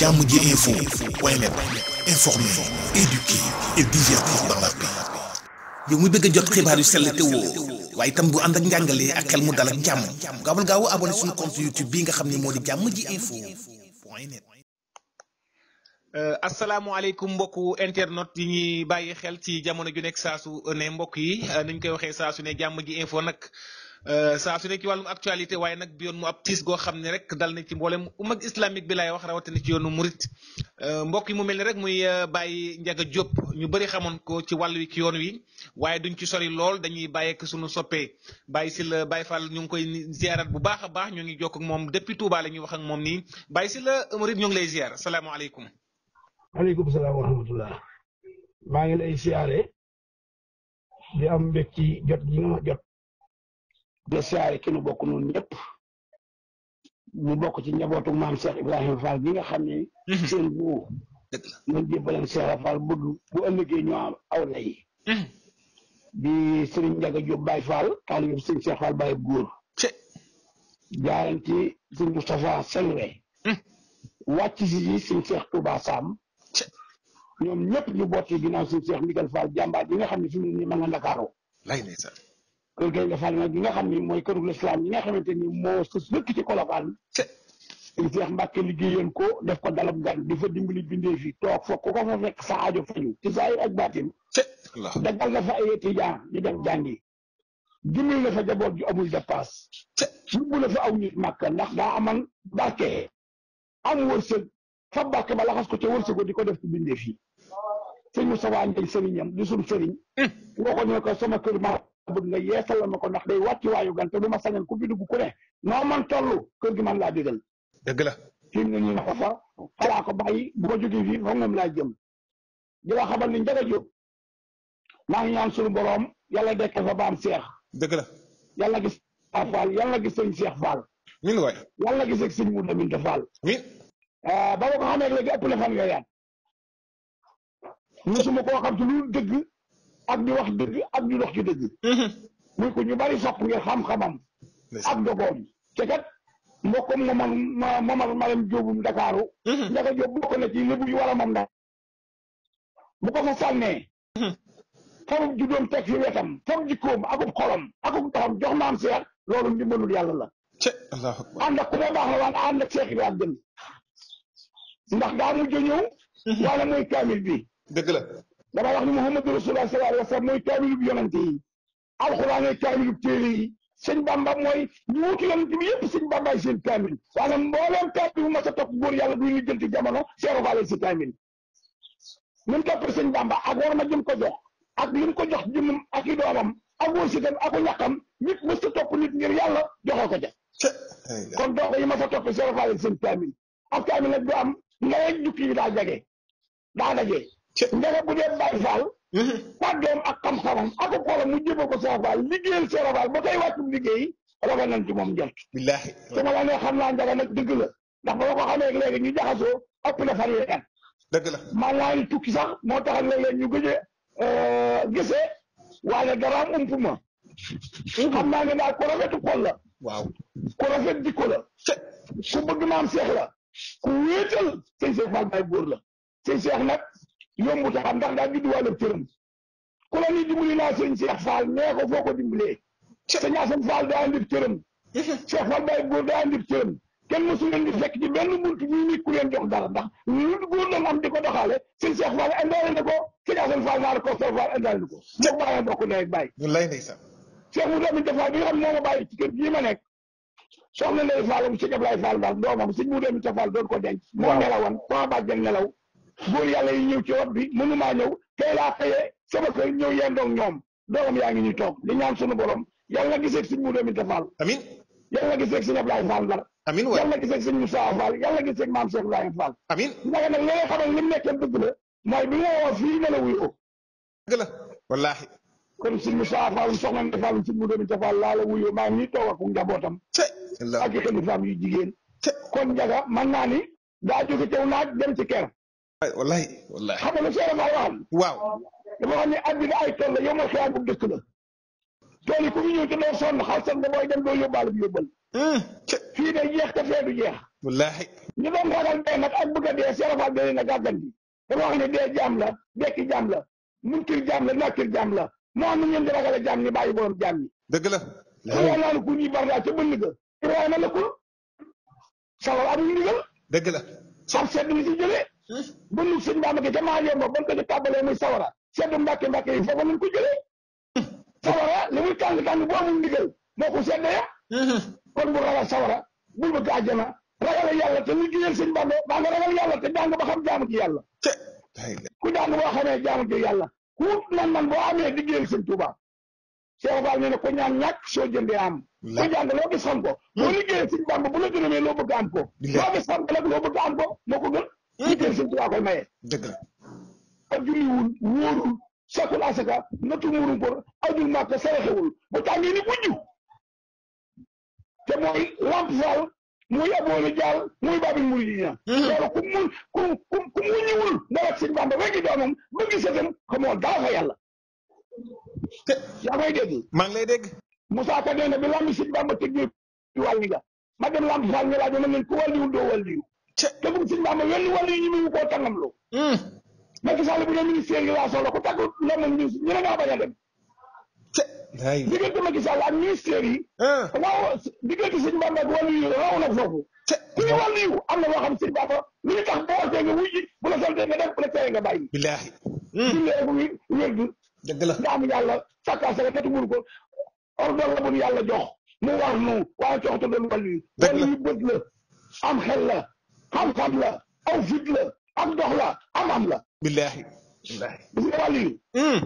jàmm ji info yow mi bëgg a jot xibaar yu sell te woo waaye itam bu ànd ak njàngalee ak xel mu dal ak jàmm gaawal gaaw abonné suñu compte YouTube bii nga xam ne moo di jàmm ji info point net. Uh, asalaamaaleykum mbokku internet yi ñuy bàyyi xel ci jamono ju nekk saa ne mbokk yi uh, nuñ koy waxee saa ne jàmm ji info nag. Euh, saa su nekk ci wàllum actualité waaye nag bi yoon mu ab tiis goo xam ne rek dal na ci mboolem umag islamique bi laay wax rawatina ci yoonu murit euh, mbokk yi mu mel ni rek muy euh, bàyyi njaga Diop ñu bari xamoon ko ci wàll wi ci yoon wi waaye duñ ci sori lool dañuy bàyyeek sunu soppee bàyyi si la Baye Fall ñu ngi koy ziarat bu baax a baax ñu ngi jokk ak moom depuis Touba la ñuy wax ak moom nii bàyyi si la murit ñu ngi lay ziar salaamaaleykum aleykum salaam wa rahmatullah maa ngi lay siyaare di am mbég de siyaare ki nu bokk noonu ñëpp ñu bokk ci njabootu maam Cheikh Ibrahima Fall bi nga xam ne mhm. seen bu man jébbaleen Cheikh Fall bëgg bu ëllëgee ñoo am aw lay mhm. di Serigne Ndiaga Diop Baye Fall taalibe Serigne Cheikh Fall Baye góor jaaran ci Serigne Moustapha Selwe mhm. wàcc si si Serigne Cheikh Touba Sam ñoom ñëpp ñu boot ci ginnaaw Serigne Cheikh Miguel Fall jàmbaar bi nga xam ne fi mu ma nga Ndakaaru kër Gaynde gi nga xam ni mooy këru lislaam yi nga xamante ni moo sës dëkk ci Colobane sëñ Seex Mbàkke liggéeyoon ko def ko dalab gan di fa dimbali bindee fi toog fa ku ko fa fekk sa aajo faju ci saayir ak baatin dagal la fa ay étudiant ñu dem jàngi dimbali la fa jaboot ju amul dépasse yóbbu la fa aw nit màkk ndax daa aman barke am wërsëg fa barke ba laxas ko ca wërsëgo di ko def ci bindee fi sëñ Moussa Ndiaye sëriñam di suñ sëriñ woo hmm. ko ko sama kër bëgg nga yeesalal a ko ndax day wàcc waayu gan te du ma sañoon ku fi dugg ku ne noo man toll kër gi man laa digal. dëgg la. fi mu ne nii ko fa falaa ko bàyyi bu ko jógee fii moom moom laa jëm di la xamal ni njëkk a maa ngi ñaan suñu boroom yàlla dekk fa baam seex. dëgg la. yàlla gis a Fall yàlla gis sëñ Seex Fall. min waay yàlla gis ak sëñ Moussa Binta Fall. min. Ah, ba ma ko xamee léegi ëpp na fan nga yaat. musuma koo xam ci lu dëgg. ak di ak di dox ci dëgg mhm. muy ko ñu bari sopp ngir xam-xamam ak dogoom te kat mbokkom momal momal maram jóobum Dakaaru mhm. ndaka jóob bokk na ci lébu yu war a moom da bu ko mhm. jox maam yàlla la ànd ak ndax daa mujj ñëw wala muy kaamil bi dëgg la dama wax ni Muhammadu Rasulullah sallallahu alayhi wa sallam mooy kaamilub yonante yi alxuraan ay kaamilub téere yi sëñ Bamba mooy ñu wutu yonante bi yëpp sëñ Bambaay seen kaamil waaye mbooleem kaamil bu ma sa topp góor yàlla duy ñu jamono seero faale si kaamil ñun Bamba ak war ma jëm ko jox ak lim ko jox jëmmam ak i doomam ak wërsëgam ak ñàkkam nit mës ta topp nit ngir yàlla joxe ko ja kon doo ko yi ma sa topp seero faale seen kaamil ak kaamil nag du am nawet jukki daa jage daa dajee ndege bu dee Baye Fall. kàddoom mm-hmm. ak xam-xamam ak xoolam mu jëfee ko Cheikh Fall liggéeyal Cheikh Fall ba tey liggéey rafet nañ ci moom njort. billaahi ma la nee xam naa njaga nag dëgg la ndax ba la maa tukki sax moo tax léeg-léeg ñu gëj a euh, gisee waaye daraam ump xam naa ne daal ku rafetu xol la. ku rafet jikko la. ku bëgg maam Cheikh la. ku wéetal sëñ Cheikh Fall Baye góor la sëñ Cheikh nag. yombu ta xam ndax daa judduwaale cëram ku la ni dimbali naa sëñ Cheikh Fall nee ko foo ko dimbalee sëñ Assane Fall daa andi cëram Cheikh daa andi cëram kenn mosu di fekk ci benn buntu ñuy nit ku leen jox dara ndax lu góor doon am di ko doxaale sëñ Cheikh Fall indaale na ko sëñ Assane Fall naa ko Cheikh Fall indaale na ko moom baaxee bokk ndey ak bàyyi lay ndeysaan Cheikh mu doomi Tafaal bi nga xam ne moo ma bàyyi ci kër gii ma nekk soxna Ndeye Fall mu sëñ Ablaye Fall ndax doomam sëñ mu doomi Tafaal doon ko denc moo nelawoon sama bàjjen nelaw góor yàlla yi ñëw ci wat bi mënumaa ñëw tey laa xëyee sama kër ñëw yendoog ñoom doomam yaa ngi ñuy toog di ñaan sunu borom yàlla na gisee suñ mu doomi tafaal amin yàlla na gisee suñ Ablaye Fall Ndar amin waay yàlla na gisee suñ Moussa Fall yàlla na gisee maam Cheikh Ibrahima Fall amin ndaga nag li nga xamal li mu nekkee dëgg la mooy bi nga woo fii na la wuyu ko dëgg la wallaahi kon suñ Moussa Fall soxna Ndeye Fall suñ mu doomi tafaal laa maa ngi toog ak njabootam ak xalifaam yu jigéen kon njaga mën naa ni daa jóge caw naaj dem ci kër wallahi wallahi xam nga seera maa wax waaw dama xam ne àddina ay tool la yow ma xeyaa bu dëkk la tool yi ku fi ñëw te doo sonn xalsam nga booy dem doo yóbbaale yóbbal hmm. fii day jeex te fee du jeex wallahi ñu doon ragal dee nag ak bëgg a dee seera faal da leen a gàgganti dama wax ne dee jaam la dekki jaam la munkir jaam la nakkir jaam la moo am ñeen di ragal a jaam ni bàyyi dëgg la yaa laanu ku ñuy bardaa ca bënn ga Ibrahima la kul dëgg la sab sedd li si jëlee ba lu sëñ Mbàkke ca maa yomb ban ko ci tàbbalee muy sawara sedd mbàkke mbàkke yi foofu lañ ko jëlee sawara li muy tàng tàng bu amul ndigal moo ko sedd ya kon bu ragal sawara bul bëgg àjjana ragal yàlla te liggéeyal sëñ Bàmba baa nga ragal yàlla te jàng ba xam jaamu ci yàlla ku jàng boo xamee jaamu ci yàlla ku man man boo amee liggéeyal sëñ Tuubaa Cheikh Fall nee na ko ñaan ñàkk soo jëndee am. ko jàng loo gis xam ko. moo liggéeyee suñu bàmb bu la gërëmee loo bëgg am ko. loo gis xam ko nag loo bëgg am ko moo ko gën. Hmm. liggéey suñu tubaab koy maye. dëgg la. ak julliwul wóorul sakul asaka ko ajul bu tàngee ni gujju te mooy lamp fall muy aboolu jaal muy babil muri di ña hmm. loolu ku mu ku ku ku mu ñëwul ndaw ak sëñ Bamba weggi doomam bëgg sëtam xamoo dara fa yàlla yaa may dégg. maa ngi la dégg. Moussa Ka nee na bi lamb si Bamba tëggee wàllu nga ma dem lamb Fall ñu laaj ma ne ku wàlliwul doo wàlliwu. te bu si Bamba wenn wàllu yi ñu ngi koo tàngamloo. Hmm. Macky Sall bu ne ministère yi laa ku tàggu lamb ak ñu ne ngaa bañ a dem. te ay diggante Macky Sall ak ministère yi. Hmm. waaw diggante sëñ Bamba ak wàllu yi raw na foofu. te ku ñu wàllu am na loo xam sëñ Bamba lu ñu tax boo nga wuy bu la santee nga def bu la teree nga bàyyi. bilaahi. suñu dëgg la nga xam yàlla sàkkaa saka tati mun ko ordon la mun yàlla jox mu war nu waaye cooxta doon wàllu wàllu bët la am xel la xam-xam la aw fit la am dox la am am la billaahi billaahi gis nga wàllu yu hmm.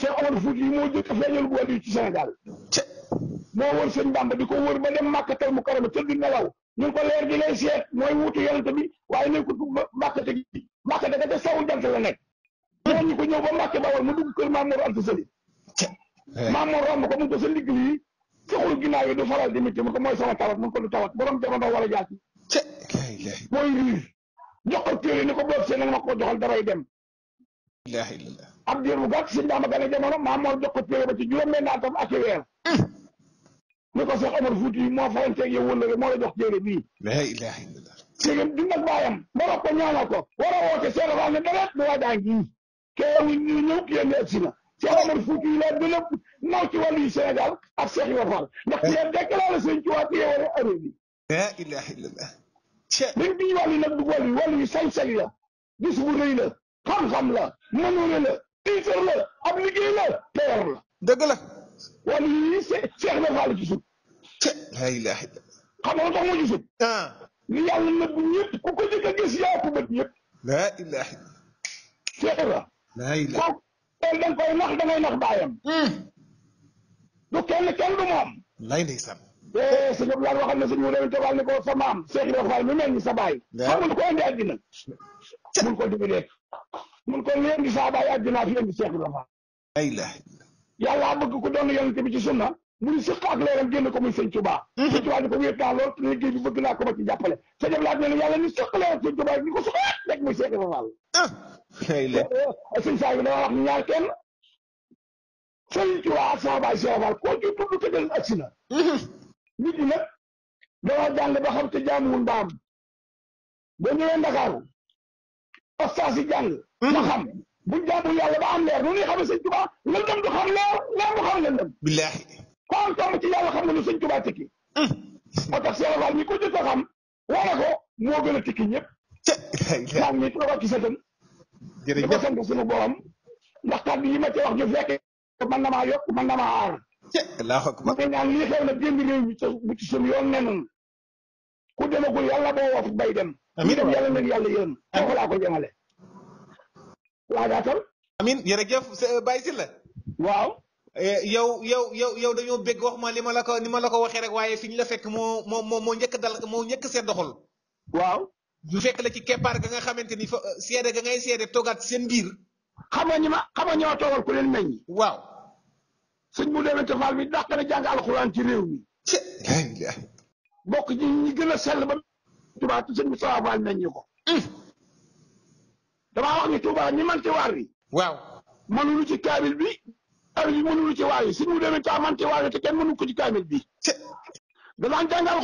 Cheikh Omar Fouti yi moo jëkk feeñal bu wàllu yu ci Sénégal moo wër sëñ Bamba di ko wër ba dem màkkatal mu karama tëdd nelaw ñu ko leer di ngay seet mooy wutu yonente bi waaye nañ ko màkkate gi màkkate ga te sawul jant la nekk yoon ko ñëw ba Mbàkke Bawol mu dugg kër Maam Mor Anta Sali Maam Mor romb ko mu ko sa ligg lii saxul ginnaaw yi du faral di métti mu ko mooy sama tawat mu ko du tawat borom jamono a jaati mooy riir jox ko téere ni ko boob ma ko joxal daray dem ab diir bu gàtt sëñ daama gane jamono ba ci juróom benn atam ak weer mm. ni ko Seex Omar Fuuti yi moo faranteeg yow wëllëre moo la jox téere bii séegam du nag baayam mbarok ko ñaanal ko war a woote seera faal ne deret du waajaa ngii keewu ñuy ñëw génn egsi na Cheikh Omar Fouti yi la gën a naw ci wàllu yi Sénégal ak Cheikh Ibrahima Fall ndax ci la déclaré sëñ ci waa téye wala arrêt bi la ilaha illallah dañ bi wàllu yi nag du wàllu yi wàllu yi sañ-sañ la bis bu rëy la xam-xam la mënure la tiitar la ab liggéey la teer la dëgg la wàllu yi Cheikh Ibrahima Fall ci sut la ilaha illallah xam nga tax moo ci sut li ah. yàlla nag ñëpp ku ko jëkk a gis yaa ko bët ñëpp la ilaha illallah Cheikh Ibrahima kooku kenn da nga koy nax da ngay nax baayam hmm. du kenn kenn du moom lay ndeysaan é eh, sëñ Abdoulaye waxal na sëñ mu dee tebal ne ko sa maam Cheikh Ibrahima Fall mi mel ni sa baay xamul ko indi àddina mun ko digi rek mun ko leen di saa baay àddina fi indi Cheikh Ibrahima Fall yàlla bëgg ku doon yonent bi ci sunna mu ni sëq ak leeram génn ko muy sëñ Tuba mhm. sëñ Tuba ni ko wéet naa lool liggéey bi bëgg naa ko ma ci jàppale sëñ Abdoulaye ne la yàlla ni sëq leeram sëñ Tuba ni ko suxaat rek muy Cheikh Ibra Fall ah, eh, sëñ saa bi dama wax ni ñaar kenn sëñ Tuba ak sama baay Cheikh Ibra Fall koo ci tudd te del agsi na mhm. nit ñi nag dama jàng ba xam te jaamuwul mbaam boo ñëwee Ndakaaru ostaa si jàng mhm. ba xam buñ jaamu yàlla ba am leer nu ñuy xamee sëñ Tuba lëndëm du xam leer leer du xam lëndëm billaahi koo tomb ci yàlla xam na lu sëñ Tuubaa tekki hmm. moo tax Cheikh mi ko jëkk a xam a ko moo gën a tekki ñëpp maa ngi toogal ci sëtam di ko sant suñu borom ndax kàddu yi ci wax ñu fekke man na maa yokk man na maa aar allahu akbar ma ñaan lii xew na génn réew mi bu ci suñu yoon nenun ku demagul yàlla boo woof bay dem ñu dem yàlla nag yàlla yéen foofu laa ko jëmale laa gaatal amin jërëjëf Baye Sylla waaw Eh, yow yow yow yow dañoo bëgg wax ma li ma la ko ni ma la ko waxee rek waaye fi ñu la fekk moo moo moo moo njëkk dal moo njëkk seet doxal. waaw. du fekk la ci keppaar ga nga xamante ni fa eh, seede ga ngay seede toogaat seen biir. xam nga ñi ma xam nga leen meññ. waaw. sëñ mu demee Tafal mi dàq na jàng ci réew mi. bokk ci a sell ba. Touba te sëñ Moustapha Fall meññ ko. Hmm. damaa wax ni Touba ñi man ci waar waaw mënuñu ci kaabil bi. kaamil bi mënulu ci waaye si mu demee taa man ci waaye te kenn mënu ko ci kaamil bi danaan jàngal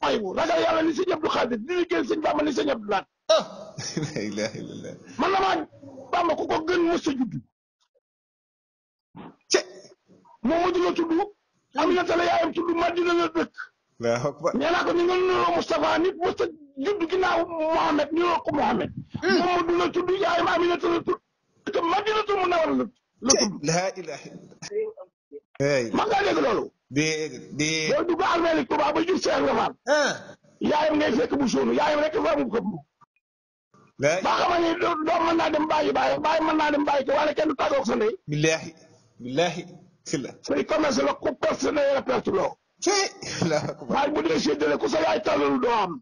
xooy bu ragal yàlla ni sëñ Abdou Xaadir di liggéey sëñ Bàmba ni sëñ Abdou Laat ah, man la maa Bàmba ku ko gën mos a judd ce moom mujj la tudd Aminata la yaayam tudd Madina la dëkk nee naa ko ni nga nuroo Moustapha nit mos a judd ginnaaw Mohamed nuroo ko Mohamed moom ma du la tudd yaayam Aminata la tudd te Madina tu mu nawar la tudd laa ilaaha illallaah. man ngaa dégg loolu. dégg dégg. boo dugg almeeri Tuubaa ba jur Cheikh Rafaal. yaayam ngay fekk bu suunu yaayam rek fa mu këpp. mais ba xamal ni doom mën naa dem bàyyi bàyyi bàyyi mën naa dem bàyyi ko waaye kenn du tàggoog sa ndey. billaahi billaahi. si la say commerce la ku perte na yéen a perte loo. ku sa yaay tàllalu doo am.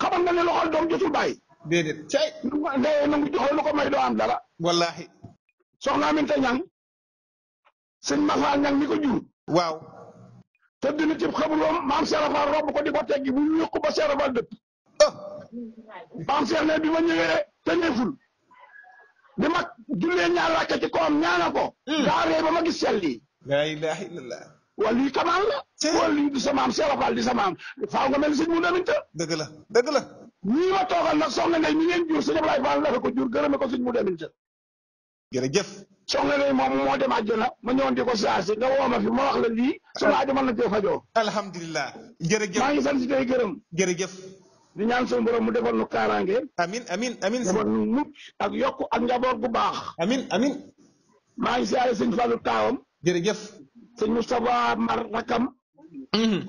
xamal nga ne loxol doom jotul bàyyi. déedéet cay lu ko day nangu joxoo lu ko may doo am dara wallaahi soxna Aminta ñang sëñ Massa ñang mi ko jur waaw te dina ci xabuloom maam Cheikh Rafal robb ko di ko teggi bu ñu yëkku ba Cheikh dëpp oh. maam Cheikh ne bi ma ñëwee tëneeful di mag jullee ñaar rakka koom ñaana ko daa hmm. ree ba ma gis sell laa ilaaha illallah wala lii la wala lii du sa maam Cheikh di sa faaw nga mel ni sëñ mu daminta dëgg la dëgg la ñii ma toogal nag soxna Ndeye mi ngeen jur sëñ Ablaye Fall la ko jur gërëme ko suñ mu demin ca. jërëjëf. soxna Ndeye moom moo dem àjjana ma ñëwoon di ko saa si nga woo ma fi ma wax la lii. sama aajo mën na cee fajoo. alhamdulilah. jërëjëf maa ngi sant si tey jërëjëf. di ñaan suñu borom mu defal nu kaaraange. amin amin amin defal nu mucc ak yokku bu baax. amin amin maa ngi si siyaare sëñ Fallou taawam. jërëjëf. sëñ Moustapha Mar rakam. Mm-hmm.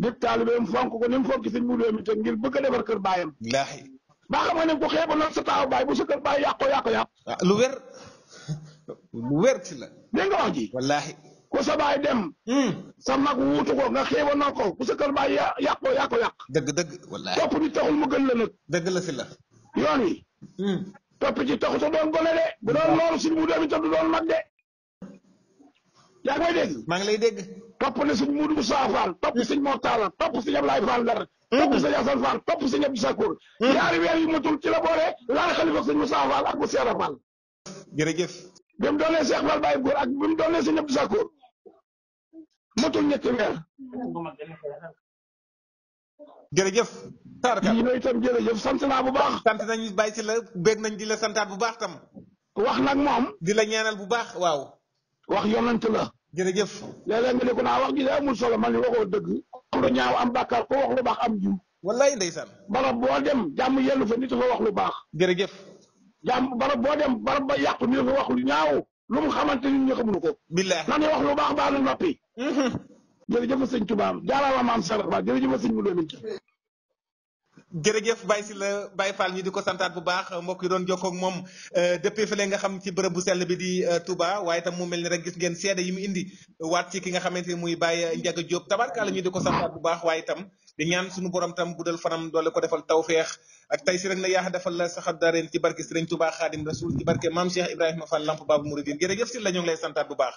dib taalibeem fonk ko ni mu fonk sëñ mu doomi te ngir bëgg a defar kër baayam. billaahi. baa xam ne ko xeeba sa taaw baay bu sa kër baay yàqoo yàqoo yàq. Ah, lu wér lu la. dégg nga wax ji. wallaahi. ku sa baay dem. Hmm. sa mag wuutu ko nga xeeba noonu ko dëgg dëgg wallaahi. topp ni mu gën la nag. dëgg la si la. yoon wi. Hmm. topp ci taxul doon gone de. bu doon loolu sëñ mu doomi du doon mag de. yaa may dégg. maa ngi lay dégg. topp na suñ mu Moussa Fall topp suñ Mor Talla topp suñ Ablaye Fall Ndar. topp weer yu matul ci la boole laal xalifa ak suñ Moussa Fall ak bu Seera Fall. jërëjëf. bi mu doonee Cheikh Fall Baye Góor ak bi mu doonee suñ Abdou Sakour matul ñetti weer. jërëjëf. tarka yi itam jërëjëf sant naa bu baax. sant nañu bàyyi si la bég nañ di la santaat bu baax tam. wax nag moom. di la ñaanal bu baax waaw. wax yonent la. jërëjëf. léeg-léeg nga ne ko naa wax ji de amul solo ma ni waxoo dëgg. am lu ñaaw am bàkkaar ko wax lu baax am jiw. wallaay ndeysaan. barab boo dem jàmm yellu fa nit fa wax lu baax. jërëjëf. jam barab boo dem barab ba yàqu nit fa wax lu ñaaw lu mu xamante ni xam xamuñu ko. billaay nan wax lu baax baalu noppi. Mm-hmm. jërëjëf sëñ Tuubaa jaaraama maam Sarax Ba jërëjëf sëñ Mudu Lamin jërëjëf Baye la Baye Fall ñu di ko santaat bu baax mbokk yi doon jokkoo ak moom euh, depuis fële nga xam ci bërëb bu sell bi di euh, tubaa waaye tam mu mel ni rek gis ngeen seede yi mu indi waat ci nga xamante ni muy Baye Ndiaga Diop tabarkaala ñu di ko santaat bu baax waaye tam di ñaan suñu borom tam guddal fanam doole ko defal tawféex ak tay si rek na yaa defal la saxar dareen ci barke Serigne Touba Xaadim Rasul ci barke Maam Cheikh Ibrahima Fall Lamp Babu Mouridine jërëjëf Sylla ñu ngi lay santaat bu baax